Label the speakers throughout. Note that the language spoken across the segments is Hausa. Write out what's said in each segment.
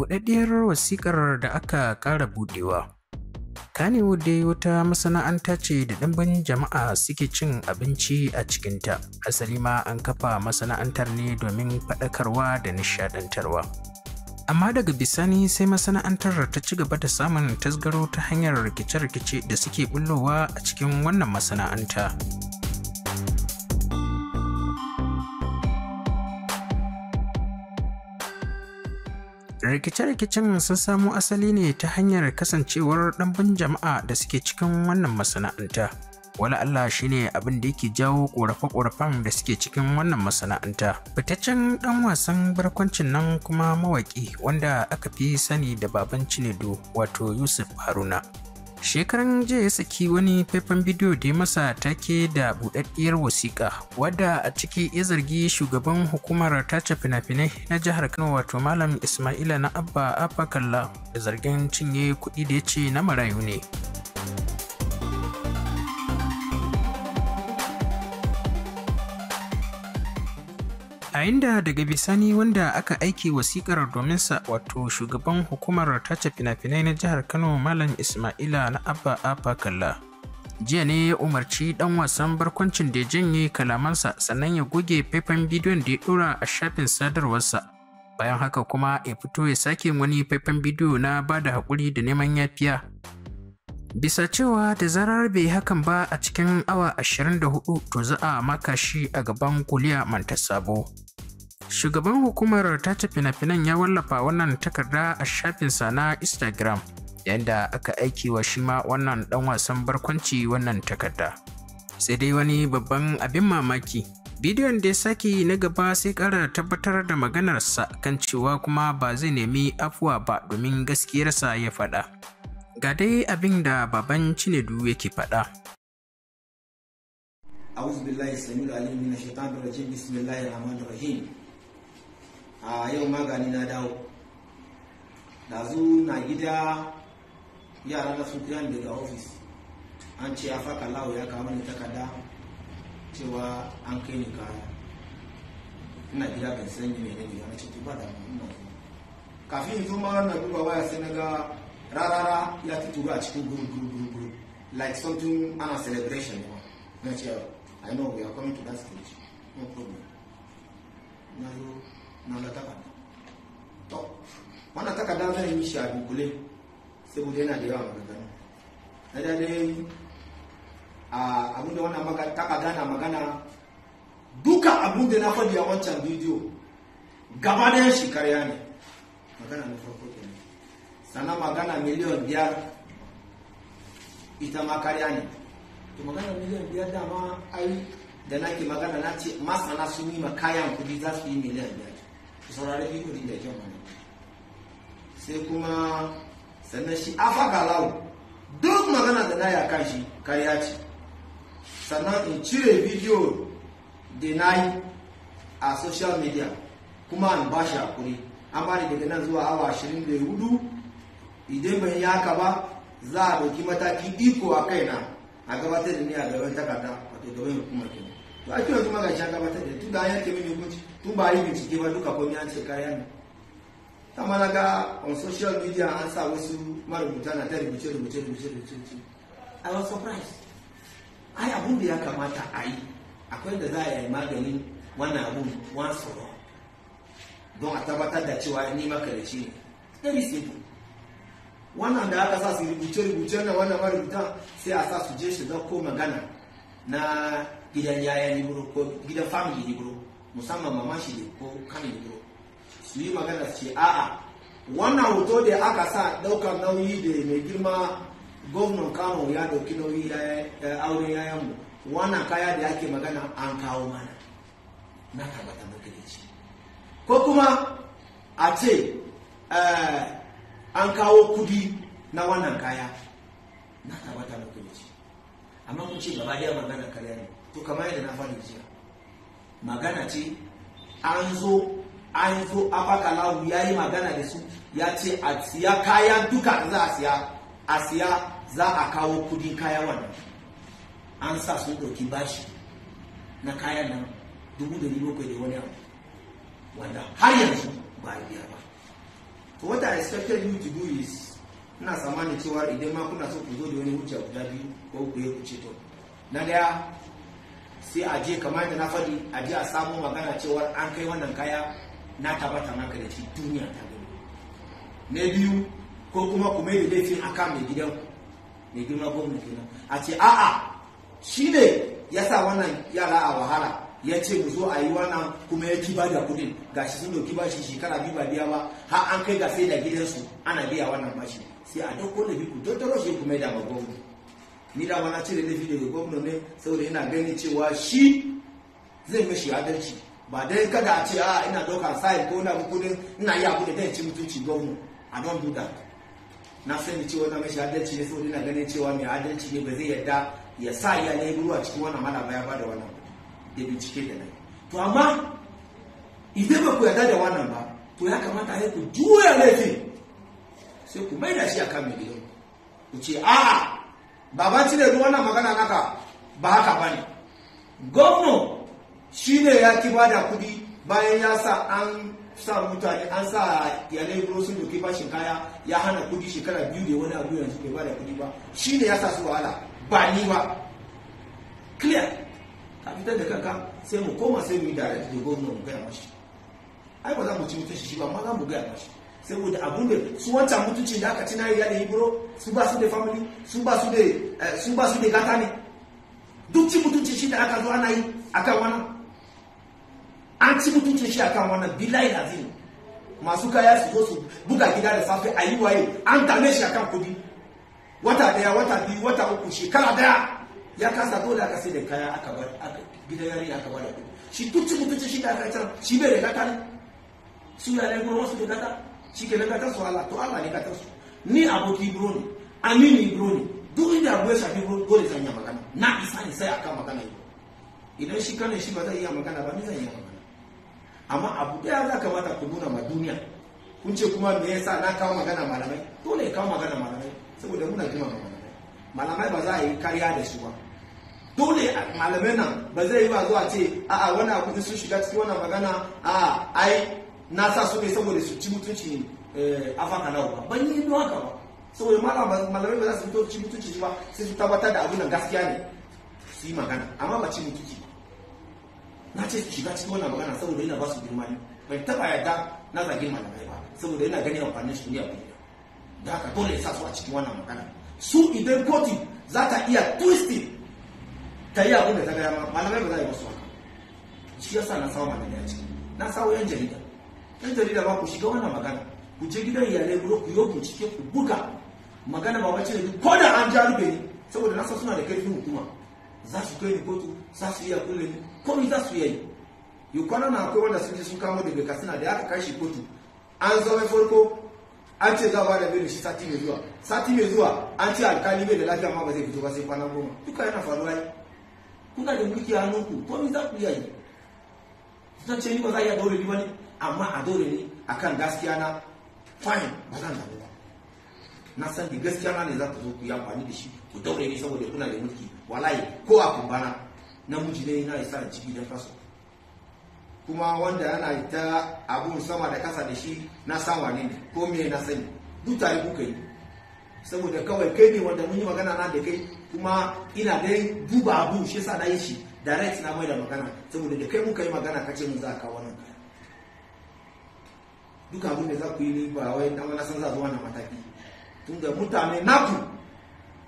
Speaker 1: buɗaɗɗiyar wasiƙar da aka ƙara buɗewa. Kannywood dai wata masana'anta ce da ɗimbin jama'a suke cin abinci a cikinta. Asali ma an kafa masana'antar ne domin faɗakarwa da nishaɗantarwa. Amma daga bisani sai masana'antar ta ci gaba da samun tasgaro ta hanyar rikice-rikice da suke bullowa a cikin wannan masana'anta. rikice-rikicen sun samo asali ne ta hanyar kasancewar ɗanbin jama'a da suke cikin wannan masana'anta wala Allah shi ne abin da yake jawo ƙorafe-ƙorafen da suke cikin wannan masana'anta fitaccen ɗan wasan barkwancin nan kuma mawaƙi wanda aka fi sani da baban cinedu wato yusuf haruna shekaran jiya ya saki wani faifan bidiyo da ya masa take da buɗaɗɗiyar wasiƙa wadda a ciki ya zargi shugaban hukumar tace fina-finai na jihar kano wato malam ismaila na abba afakalla da zargin cinye kuɗi da ya ce na marayu ne a da daga bisani wanda aka aiki wasikar domin sa wato shugaban hukumar tace fina-finai na jihar kano malam ismaila na abba Afa kalla jiya ne ya umarci dan wasan barkwancin da ya janye kalamansa sannan ya goge faifan bidiyon da ya dora a shafin sadarwarsa bayan haka kuma ya fito ya sake wani faifan bidiyo na ba da haƙuri da neman yafiya bisa cewa da zarar bai hakan ba a cikin awa 24 to za a maka shi a gaban kuliya manta sabo. shugaban hukumar ta tace fina-finan ya wallafa wannan takarda a shafinsa na instagram yadda aka aiki wa shi ma wannan ɗan wasan barkwanci wannan takarda sai dai wani babban abin mamaki bidiyon da ya sake na gaba sai kara tabbatar da maganarsa kan cewa kuma ba zai nemi afuwa ba domin gaskiyarsa ya faɗa. Ga dai abin da baban Cinedu yake faɗa.
Speaker 2: أعوذ بالله السميع العليم من الشيطان الرجيم بسم الله الرحمن الرحيم a yau magani na dawo dazu na gida yara na sun kiran daga ofis an ce ya faka lawo ya kawo ni takada cewa an kai ni kaya ina gida ban san ni mai ne ya ce ba da ina kafin zo na duba waya sai na ga rarara ya tuturu a cikin guru guru guru guru like something ana celebration ko na ce i know we are coming to that stage no problem na zo na na takarda to wannan takarda zan yi shi a dukule dunkule saboda yana da yawa maganganu na dai a abinda wannan takarda na magana duka abinda na faɗi a wancan bidiyo gaba ɗayan shi karya ne magana na farko kenan Sana magana miliyan biyar ita ma ne to magana miliyan biyar dama ai da nake magana na ce masana sun yi makayan kudi za su yi miliyan biyar ku saurari yi kudi da kyan wani sai kuma sannan shi afa galau duk magana da na yi a kan shi karya ce sannan in cire bidiyo da na yi a social media kuma an ba shi kuri an bani daga nan zuwa awa ashirin da idan ban yi haka ba za a ɗauki mataki iko a kaina a gabatar da ni a gaban takarda wato gaban hukumar kenan to ake yanzu maga shi a gabatar da tun da an yanke mini hukunci tun ba yi bincike ba duka komi an ce kayan ne ta mana ga on social media an sa wasu marubuta na ta rubuce rubuce rubuce rubuce i was surprised ai abun da ya kamata a yi akwai da za a yi maganin wannan abun one for don a tabbatar da cewa ni da ne very simple wannan da aka sa su rubuce-rubuce na wannan marubutan sai a sa su je su ko magana na gidan yaya libro ko gidan family libro musamman mama shi ne ko kan libro su yi magana su ce a'a wannan hoto da aka sa daukar nauyi da mai girma gwamnan kano ya dauki nauyi auren mu wannan kaya da yake magana an kawo mana na tabbata muka ko kuma a ce eh, an kawo kudi na wannan kaya na tabbata da kudi amma ce gaba daya magana karya ne to kamar yadda na fara jiya magana ce an zo an zo abakalawu ya yi magana da su ya ce a siya kaya duka za a siya a siya za a kawo kudi kaya wannan an sa sun ɗauki bashi na kayan nan dubu da wani abu wanda har yanzu ba a biya ba what i expected you to do is na zamani cewa idan ma kuna so ku zo da wani hujja guda biyu ko ku yi ku na daya sai a je kamar da na faɗi a je a samu magana cewar an kai wannan kaya na tabbata maka da shi duniya ta gani na biyu ko kuma ku mai da laifin kan mai gidan mai girma gwamnati a ce a'a shi ne ya sa wannan yara a wahala ya ce mu zo a yi wannan kuma ya ki bada kudin shi sun doki bashi shekara biyu ba biya ba ha an kai ga sai da gidansu ana biya wannan bashi sai a dauko da biku don taro shi kuma ya dama gwamna ni da wani cire laifi daga gwamna ne saboda yana ganin cewa shi zai mashi adalci ba dai kada a ce a ah, ina dauka sai ko na kudin ina yi abu da dan ci mutunci gwamna a don do na sani cewa na mashi adalci ne saboda yana ganin cewa mai adalci ne ba zai yarda ya sa ya ne ruwa cikin wannan mana baya ba da wannan da bincike da nan to amma idan ba ku yarda da wannan ba to ya kamata sai ku juya laifin sai ku maida shi akan mai gidan ku ce a'a baban cire duk wannan magana naka ba haka bane shi shine ya ki bada kuɗi bayan ya sa an sa mutane an sa yanayi guro sun bashin kaya ya hana kuɗi shekara biyu da wani abu yanzu bai da kuɗi ba shine ya sa su wahala ba ni ba clear ka fitar da kanka sai mu koma sai mu yi direct da gwamnan mu gaya mashi ai ba za mu ci mutunci shi ba amma za mu gaya mashi saboda abun da su wancan mutunci da aka ci na ya da hibiro su ba su da family su ba su da eh, su ba su da gata ne duk ci mutunci shi da aka zo ana yi akan wannan an ci mutunci shi akan wannan billahi lazim masu kaya su zo su buga gida da safe a yi waye an dame shi akan kudi wata daya wata biyu wata uku shekara daya ya kasa dole aka sai da kaya aka bar aka gidan yari aka bar da shi duk cikin mutunci shi da aka tsara shi bai da gata ne su ya ne gurin wasu da gata shi ke gata su Allah to Allah ne gata su ni aboki bro ne amini bro ne duk inda abu ya shafi bro dole zan yi magana na isa ne sai aka magana yi idan shi kane shi ba zai iya magana ba ni zan yi magana amma abu daya za kamata ku nuna ma duniya kun ce kuma me yasa na kawo magana malamai dole ya kawo magana malamai saboda muna jima malamai malamai ba za a yi kariya da su ba dole malamai nan ba zai yi ba zuwa ce a wani akudi sun shiga cikin wannan magana a ai na sa su ne saboda su ci mutunci eh, afaka na ba ban yi haka ba saboda malamai ba za su fito ci mutunci ba sai su tabbatar da abin gaskiya ne su yi magana amma ba ci mutunci na ce shiga cikin wannan magana saboda yana ba su girma ne bai taba yadda na zagi malamai ba saboda yana ganin amfanin su ne a bayyana da haka dole ya sa su a cikin wannan magana su idan kotu za ta iya twisting tayi abin da ta gaya malamai ba za a yi masu haka shi yasa na samu malamai a ciki na samu yan jarida yan jarida ba ku shiga wannan magana ku je gidan iyalai ku ku yi ku buga magana ba wace ne ko da an ja rube ni saboda na san suna da karfin hukuma za su kai ni kotu za su iya kulle ni komai za su yi yi kwana na akwai wanda sun je sun kamo daga suna da kai kashi kotu an zama farko an ce za a bada da shi sati mai zuwa sati mai zuwa an ce alkali bai da lafiya ma ba zai fito ba sai kwana goma duka yana faruwa yi kuna da mulki a hannunku komi za ku yi yi zan ce ni ba za a iya dole ni wani amma a dole ni kan gaskiya na fine ba zan damu ba na san da gaskiya na ne za ku zo ku yi amfani da shi ku daure ni saboda kuna da mulki walayi ko a kumbana muji ne na isa da ciki don faso kuma wanda yana ta abun sama da kasa da shi na sawa ne ko me na sani duk tare kuka yi saboda kawai kai ne wanda mun yi magana na da kai kuma ina dai duba abu shi yasa na yi shi direct na mai da magana saboda da kai muka yi magana kace mun za ka wannan duk abin da za ku yi ne ba wai dan wani san za zuwa na mataki tun da mutane naku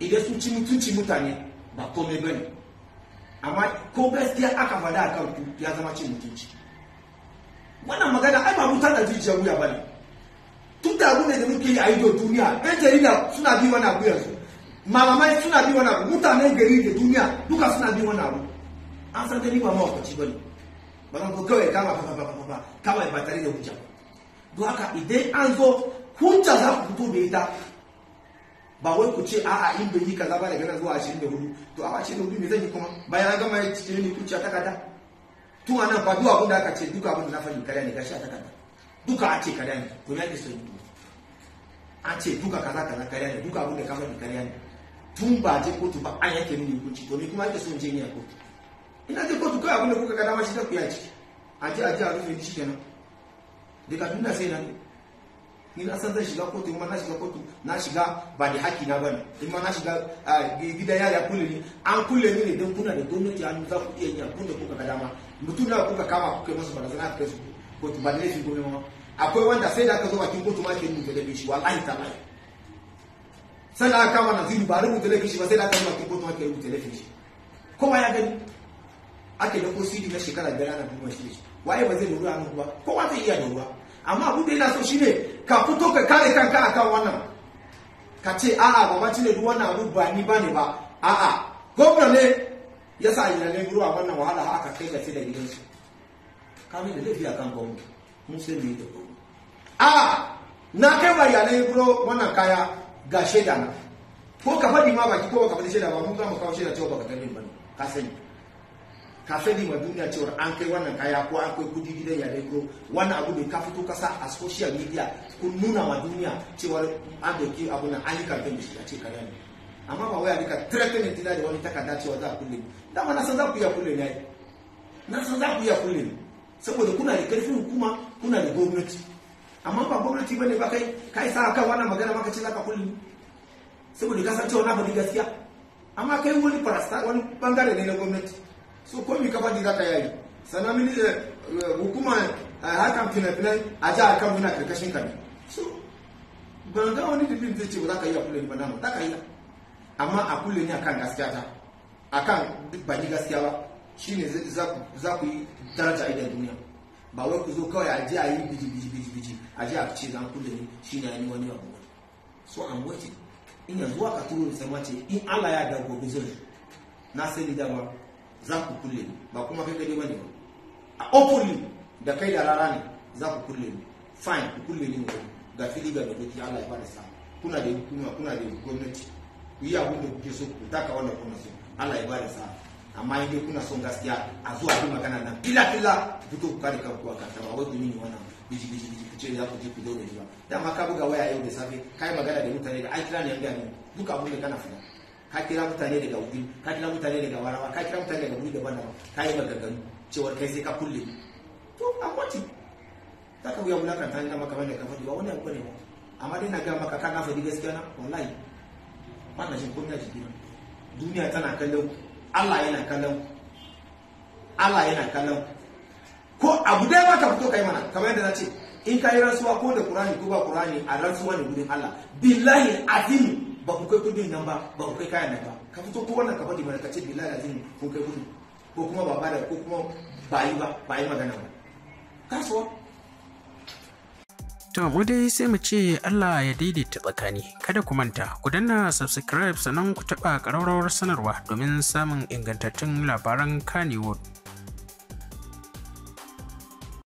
Speaker 2: idan sun ci mutunci mutane ba komai ba ne amma ko gaskiya aka faɗa akan ku ya zama cin mutunci wannan magana ai ba mutar da jijiya wuya ba ne tun da abin da muke yi a ido duniya ɗan jarida suna bi wani abu yanzu malamai suna bi wani abu mutanen gari da duniya duka suna bi wani abu an san dani ba mawakaci ba ne ba zan ko kawai kama fa fa fa kama ba tare da hujja don haka idan an zo hujja za ku fito da ita ba wai ku ce a'a in bai yi kaza ba da gana zuwa 24 to awa da me zan yi kuma bayan an gama ya cikin ni kuciya takarda tun ana ba duwa abin da aka ce duka abin da na fahimta ne gashi a takarda duka a ce kada ne to na ke so an duka kaza kaza kariya ne duka abun da ka faɗi kariya ne tun ba je kotu ba an yanke mini hukunci to ni kuma ake so in je ni a kotu ina je kotu kawai abun da kuka kada mashi shi ta kuya ciki a je a je a rufe ni shi kenan daga tunda sai na ni na san zan shiga kotu in ma na shiga kotu na shiga ba da haƙi na bane in ma na shiga gida yaya kulle ni an kulle ni ne don kuna da gwamnati an za ku iya yi abun da kuka kada ma mutum na kuka kama kuka yi masu barazana a kai su kotu ba da shi gwamnati ma akwai wanda sai da aka zo bakin kotu ma ke rubuta laifin shi wallahi tallahi sai da aka kama naziru ba rubuta laifin shi ba sai da aka zo bakin kotu ma ke rubuta laifin shi kowa ya gani ake da kosidi na shekara da ana duba shi waye ba zai lura a ba kowa zai iya lura amma abin da yana so shine ka fito ka kare kanka akan wannan ka ce a'a ba cire duk wannan abu ba ni ba ne ba a'a gwamna ne ya sa ina ne ruwa wannan wahala haka kai ka ce da gidansu kamar da da lafiya kan gwamnati mun sai mu yi da gwamnati a na kai wa iyalai buro wannan kaya ga shaida na ko ka faɗi ma baki ko ka faɗi shaida ba mun kama kawo shaida cewa baka gani ba ne ka sani ka sani ma duniya cewa an kai wannan kaya ko an kai kudi gidan iyalai buro wannan abu ne ka fito kasa a social media kun nuna ma duniya cewa an doki abu na an yi kamfen da shi a ce kariya ne amma ba waya ne ka tirakta dila da wani takarda cewa za a kulle dama na san za ku iya kulle ne na san za ku iya kulle ne saboda kuna da karfin hukuma kuna da gwamnati amma ba gwamnati bane ba kai kai sa kan wannan magana maka ce zaka kulli saboda ka san cewa na faɗi gaskiya amma kai wani farasta wani bangare ne na gwamnati so ko mi ka faɗi zaka yayi sannan mini eh, eh, hukuma eh, hakan fina-finai a jihar kan muna karkashin ka ne so ban ga wani dalilin zai ce ba za ka yi a kulle ba nan za ka yi amma a kulle ne kan gaskiya ta akan ba ni gaskiya ba shine za ku yi daraja idan duniya ba wai ku zo kawai a ji a yi biji biji biji biji a ji a ce zan kulle ni shi na yi wani abu so an wace in yanzu aka turo da sama ce in ala ya da gobe zan na ni dama za ku kulle ni ba kuma kai gani bane ba a openly da kai da rara ne za ku kulle ni fine ku kulle ni wani ga fili ga da doki ala ya bada sa kuna da hukuma kuna da gwamnati ku yi abin da kuke so ku taka wannan gwamnati ala ya bada sa amma in kuna son gaskiya a zuwa bi magana na. kila fila fito ku kare kanku a kanta ba wai ku yi wannan biji biji biji ku ce za ku je ku daure ni ba dama ka buga waya yau da safe ka yi magana da mutane da ai kira ne yan gani duka abin da kana fita ka kira mutane daga wuri ka kira mutane daga warawa ka kira mutane daga wuri daban daban ka yi maganganu cewar kai sai ka kulle to a kwati za ka wuya mulakanta ne kamar wanda ka faɗi ba wannan kwanewa amma dai na ga maka ka gafa di gaskiya na wallahi ba na jikina duniya tana kallon Allah yana kallon Allah yana kallon ko abu dai ba ka fito kai mana kamar yadda na ce in ka yi rantsuwa ko da Qur'ani ko ba Qur'ani a rasuwa ne gudun Allah billahi azim ba ku kai kudin nan ba ba ku kai kayan nan ba ka fito ko wannan ka faɗi mana ka ce billahi azim kun kai kudin ko kuma ba ba da ko kuma ba yi ba ba magana ba kasuwa
Speaker 1: To mu dai sai mu ce Allah ya daidaita tsakani. Kada ku manta, ku danna subscribe sannan ku taɓa ƙararrawar sanarwa domin samun ingantattun labaran Kannywood.